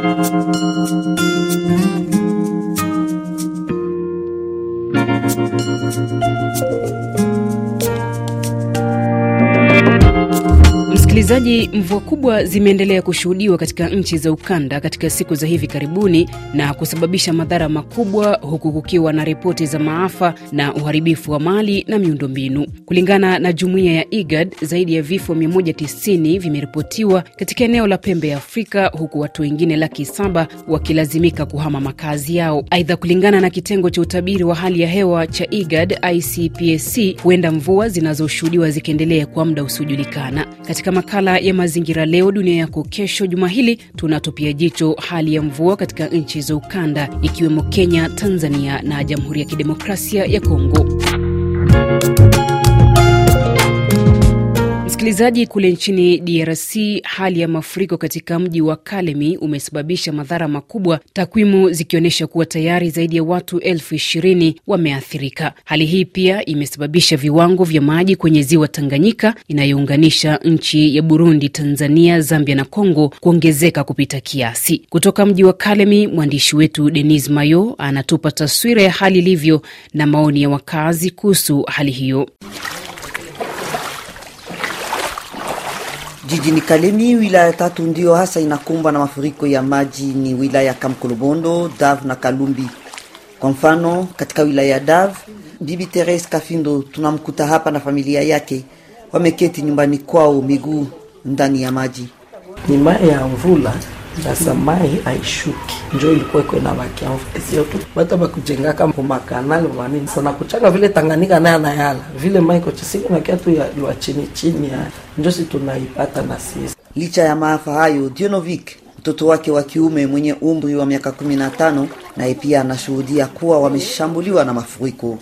thank you Msikilizaji, mvua kubwa zimeendelea kushuhudiwa katika nchi za ukanda katika siku za hivi karibuni na kusababisha madhara makubwa, huku kukiwa na ripoti za maafa na uharibifu wa mali na miundombinu. Kulingana na jumuiya ya IGAD, zaidi ya vifo 190 vimeripotiwa katika eneo la pembe ya Afrika, huku watu wengine laki saba wakilazimika kuhama makazi yao. Aidha, kulingana na kitengo cha utabiri wa hali ya hewa cha IGAD ICPSC, huenda mvua zinazoshuhudiwa zikiendelea kwa muda usiojulikana. Katika makala ya mazingira leo dunia yako kesho. Juma hili tunatupia jicho hali ya mvua katika nchi za ukanda ikiwemo Kenya, Tanzania na Jamhuri ya Kidemokrasia ya Kongo. Msikilizaji, kule nchini DRC hali ya mafuriko katika mji wa Kalemi umesababisha madhara makubwa, takwimu zikionyesha kuwa tayari zaidi ya watu elfu ishirini wameathirika. Hali hii pia imesababisha viwango vya maji kwenye ziwa Tanganyika inayounganisha nchi ya Burundi, Tanzania, Zambia na Kongo kuongezeka kupita kiasi. Kutoka mji wa Kalemi, mwandishi wetu Denis Mayo anatupa taswira ya hali ilivyo na maoni ya wakazi kuhusu hali hiyo. Jijini Kalemi, wilaya tatu ndio hasa inakumbwa na mafuriko ya maji ni wilaya Kamkolobondo, Dav na Kalumbi. Kwa mfano, katika wilaya ya Dav, Bibi teres Kafindo tunamkuta hapa na familia yake, wameketi nyumbani kwao, miguu ndani ya maji. Ni maya ya mvula ya samai aishuki njo ilikuwa iko na bakianfasio tu bata bakujengaka mumakanali banini sana kuchanga vile Tanganyika naye anayala vile maiko chisiko nakia tu ya lwa chini chini ya njo si tunaipata na sisi. Licha ya maafa hayo, Dionovic mtoto wake wa kiume mwenye umri wa miaka 15 naye pia anashuhudia kuwa wameshambuliwa na mafuriko.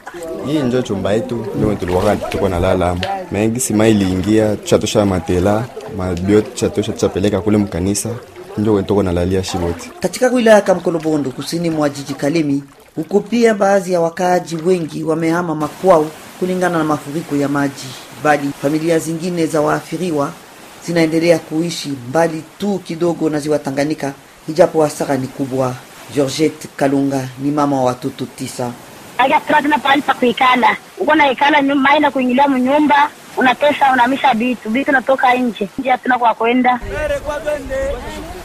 Hii ndio chumba yetu ndio tulikuwa tuko na lala mengi, sima iliingia, chatosha matela mabiot chatosha tushapeleka kule mkanisa ndio wentoko lalia Shimoti katika wilaya ya Kamkolobondo kusini mwa jiji Kalemi. huku pia baadhi ya wakaaji wengi wamehama makwao kulingana na mafuriko ya maji, bali familia zingine za waathiriwa zinaendelea kuishi mbali tu kidogo na ziwa Tanganyika, ijapo hasara ni kubwa. Georgette Kalunga ni mama wa watoto tisa. Hatuna pahali pa kuikala, uko naikala mai na kuingilia mnyumba, unatesa unahamisha bitu bitu, natoka nje nje, hatuna kwa kwenda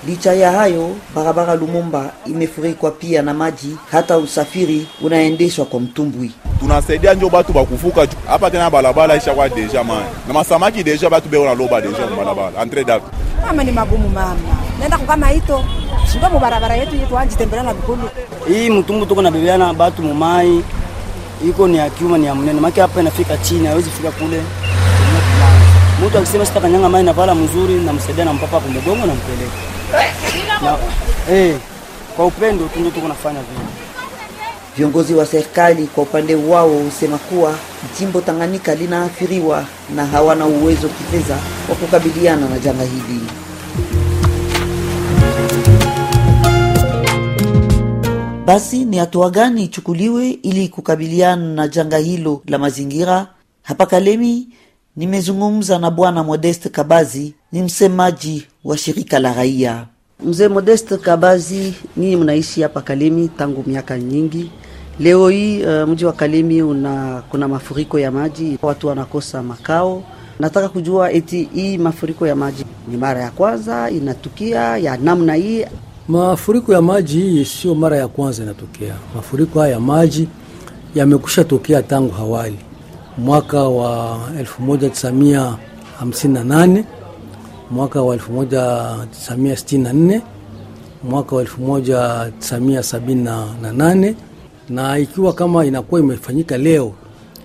Licha ya hayo, barabara Lumumba imefurikwa pia na maji, hata usafiri unaendeshwa kwa mtumbwi. Tunasaidia njo batu bakuvuka hapa, tena balabala ishakuwa deja mai na masamaki deja, batu beona loba deja mbalabala entre datu mama ni magumu mama, nenda kukama hito shida mu barabara yetu yetu anjitembelea na vikulu hii mtumbu tuko na bebeana batu mumai iko ni akiuma ni amnene maki hapa inafika chini, hawezi fika kule. Mtu akisema sitakanyanga mai na mzuri, namsaidia na mpapa kumgongo eh, kwa upendo tu ndio tuko nafanya vile. Viongozi wa serikali kwa upande wao husema kuwa jimbo Tanganyika linaathiriwa na hawana uwezo kifedha wa kukabiliana na janga hili. Basi ni hatua gani ichukuliwe ili kukabiliana na janga hilo la mazingira? Hapa Kalemi nimezungumza na Bwana Modeste Kabazi, ni msemaji wa shirika la raia. Mzee Modeste Kabazi, ninyi mnaishi hapa Kalemi tangu miaka nyingi. Leo hii uh, mji wa Kalemi una kuna mafuriko ya maji, watu wanakosa makao. Nataka kujua eti hii mafuriko ya maji ni mara ya kwanza inatukia ya namna hii? Mafuriko ya maji hii sio mara ya kwanza inatokea. Mafuriko haya ya maji yamekusha tokea tangu hawali mwaka wa 1958 mwaka wa 1964 mwaka wa 1978 na ikiwa kama inakuwa imefanyika leo,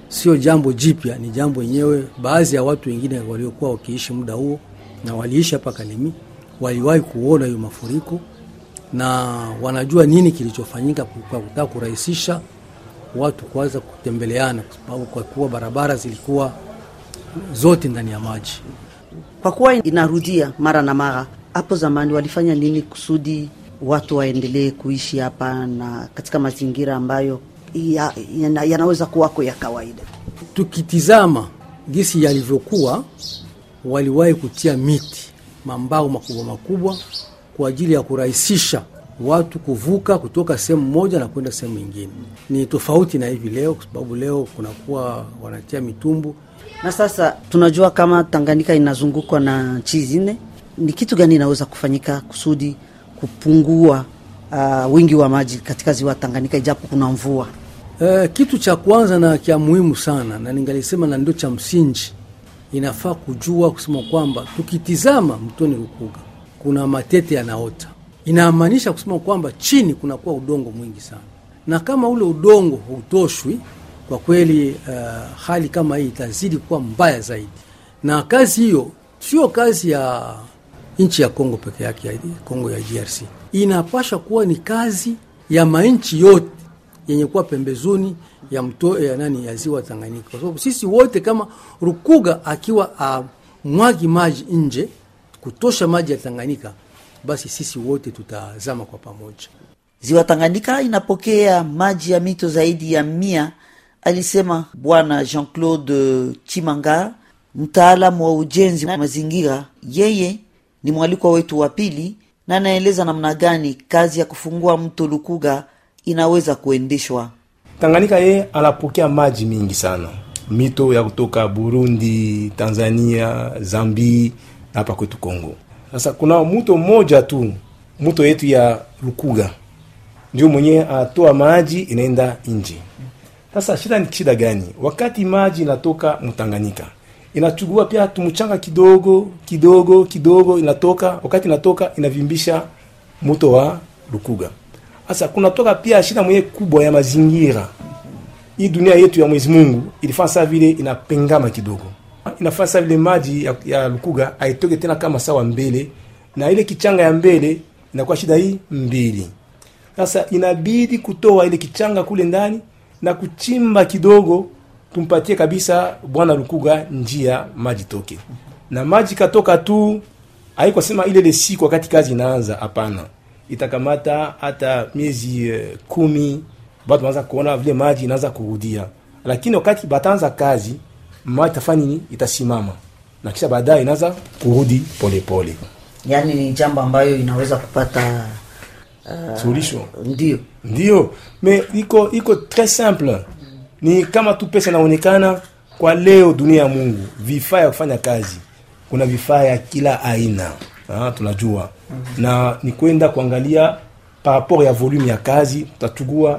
sio jambo jipya, ni jambo yenyewe. Baadhi ya watu wengine waliokuwa wakiishi muda huo na waliishi hapa Kalemi waliwahi kuona hiyo mafuriko na wanajua nini kilichofanyika kwa kutaka kurahisisha watu kuanza kutembeleana, kwa sababu kwa kuwa barabara zilikuwa zote ndani ya maji kwa kuwa inarudia mara na mara. Hapo zamani walifanya nini kusudi watu waendelee kuishi hapa na katika mazingira ambayo yanaweza ya, ya kuwako ya kawaida? Tukitizama gisi yalivyokuwa, waliwahi kutia miti mambao makubwa makubwa kwa ajili ya kurahisisha watu kuvuka kutoka sehemu moja na kwenda sehemu nyingine. Ni tofauti na hivi leo, kwa sababu leo kunakuwa wanatia mitumbu. Na sasa tunajua kama Tanganyika inazungukwa na nchi zine, ni kitu gani inaweza kufanyika kusudi kupungua uh, wingi wa maji katika ziwa Tanganyika ijapo kuna mvua? Uh, kitu cha kwanza na cha muhimu sana na ningalisema na ndio cha msingi, inafaa kujua kusema kwamba tukitizama mtoni Rukuga kuna matete yanaota inamaanisha kusema kwamba chini kunakuwa udongo mwingi sana, na kama ule udongo hautoshwi, kwa kweli uh, hali kama hii itazidi kuwa mbaya zaidi. Na kazi hiyo sio kazi ya nchi ya Kongo peke yake, ya Kongo ya DRC, inapasha kuwa ni kazi ya manchi yote yenye kuwa pembezoni ya mto ya nani ya ziwa Tanganyika, kwa sababu sisi wote kama Rukuga akiwa amwagi maji nje kutosha maji ya Tanganyika basi sisi wote tutazama kwa pamoja. Ziwa Tanganyika inapokea maji ya mito zaidi ya mia, alisema Bwana Jean-Claude Chimanga, mtaalamu wa ujenzi wa mazingira. Yeye ni mwalikwa wetu wa pili na anaeleza namna gani kazi ya kufungua mto Lukuga inaweza kuendeshwa. Tanganyika yeye anapokea maji mingi sana, mito ya kutoka Burundi, Tanzania, Zambi na hapa kwetu Kongo sasa kuna mto mmoja tu, mto yetu ya lukuga ndio mwenye atoa maji inaenda nje. Sasa shida ni shida gani? Wakati maji inatoka Mtanganyika inachugua pia tumchanga kidogo kidogo kidogo, inatoka wakati inatoka inavimbisha mto wa lukuga Sasa kunatoka pia shida mwenye kubwa ya mazingira. Hii dunia yetu ya Mwenyezi Mungu ilifanya vile inapengama kidogo inafanya vile maji ya, ya lukuga aitoke tena kama sawa mbele, na ile kichanga ya mbele inakuwa shida hii mbili. Sasa inabidi kutoa ile kichanga kule ndani na kuchimba kidogo, tumpatie kabisa bwana lukuga njia maji toke, na maji katoka tu haiko sema ile ile siku wakati kazi inaanza, hapana, itakamata hata miezi eh, kumi, bado wanaanza kuona vile maji inaanza kurudia, lakini wakati bataanza kazi mama itafanya nini? Itasimama na kisha baadaye inaanza kurudi polepole. Yani ni jambo ambayo inaweza kupata uh, suluhisho. Ndio, ndio me iko iko tres simple, ni kama tu pesa inaonekana kwa leo. Dunia ya Mungu, vifaa ya kufanya kazi, kuna vifaa ya kila aina ha, tunajua mm -hmm. na ni kwenda kuangalia par rapport ya volume ya kazi, tutachukua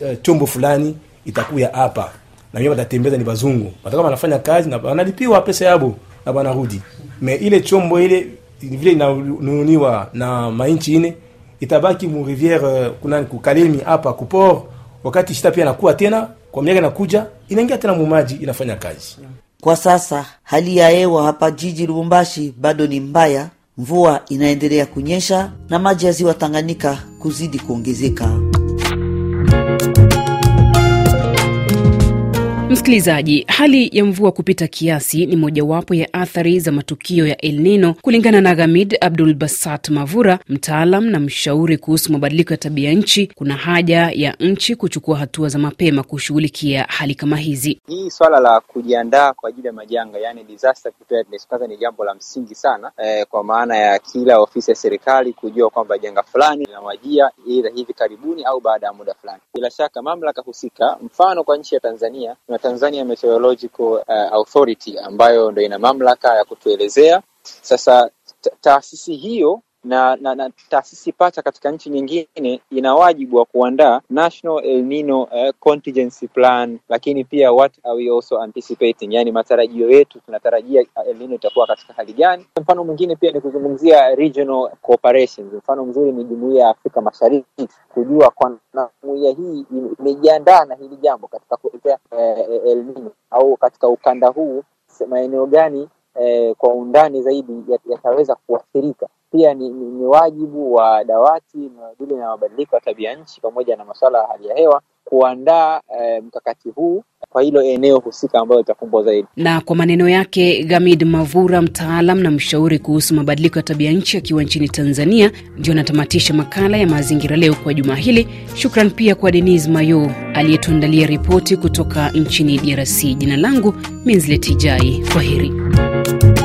uh, eh, chombo fulani itakuya hapa na wengine watatembeza ni bazungu, watakuwa wanafanya kazi na wanalipiwa pesa yabo na wanarudi. Me ile chombo ile vile inanunuliwa na mainchi ine itabaki mu riviere eh, kuna kukalemi hapa kupor, wakati shita pia nakuwa tena kwa miaka inakuja inaingia tena mumaji inafanya kazi. Kwa sasa hali ya hewa hapa jiji Lubumbashi bado ni mbaya, mvua inaendelea kunyesha na maji ya ziwa Tanganyika kuzidi kuongezeka. Msikilizaji, hali ya mvua kupita kiasi ni mojawapo ya athari za matukio ya El Nino kulingana na Ghamid Abdul Basat Mavura, mtaalam na mshauri kuhusu mabadiliko ya tabia nchi. Kuna haja ya nchi kuchukua hatua za mapema kushughulikia hali kama hizi. Hii swala la kujiandaa kwa ajili ya majanga, yani disaster preparedness, kwanza ni jambo la msingi sana eh, kwa maana ya kila ofisi ya serikali kujua kwamba janga fulani linawajia hivi karibuni au baada ya muda fulani. Bila shaka mamlaka husika, mfano kwa nchi ya Tanzania kuna Tanzania Meteorological uh, Authority ambayo ndo ina mamlaka ya kutuelezea. Sasa taasisi hiyo na, na, na taasisi pacha katika nchi nyingine ina wajibu wa kuandaa National El Nino uh, contingency plan, lakini pia what are we also anticipating, yani matarajio yetu, tunatarajia El Nino itakuwa katika hali gani? Mfano mwingine pia ni kuzungumzia regional cooperations. Mfano mzuri ni jumuia ya Afrika Mashariki, kujua kwa hii imejiandaa na hili jambo katika kuelekea uh, El Nino au katika ukanda huu maeneo gani uh, kwa undani zaidi yataweza kuathirika pia ni, ni, ni wajibu wa dawati linalodili na mabadiliko ya tabia nchi pamoja na masuala ya hali ya hewa kuandaa eh, mkakati huu kwa hilo eneo husika ambayo itakumbwa zaidi. Na kwa maneno yake Gamid Mavura, mtaalam na mshauri kuhusu mabadiliko ya tabia nchi akiwa nchini Tanzania, ndio anatamatisha makala ya mazingira leo kwa juma hili. Shukran pia kwa Denis Mayo aliyetuandalia ripoti kutoka nchini DRC. Jina langu Minzletijai, kwa heri.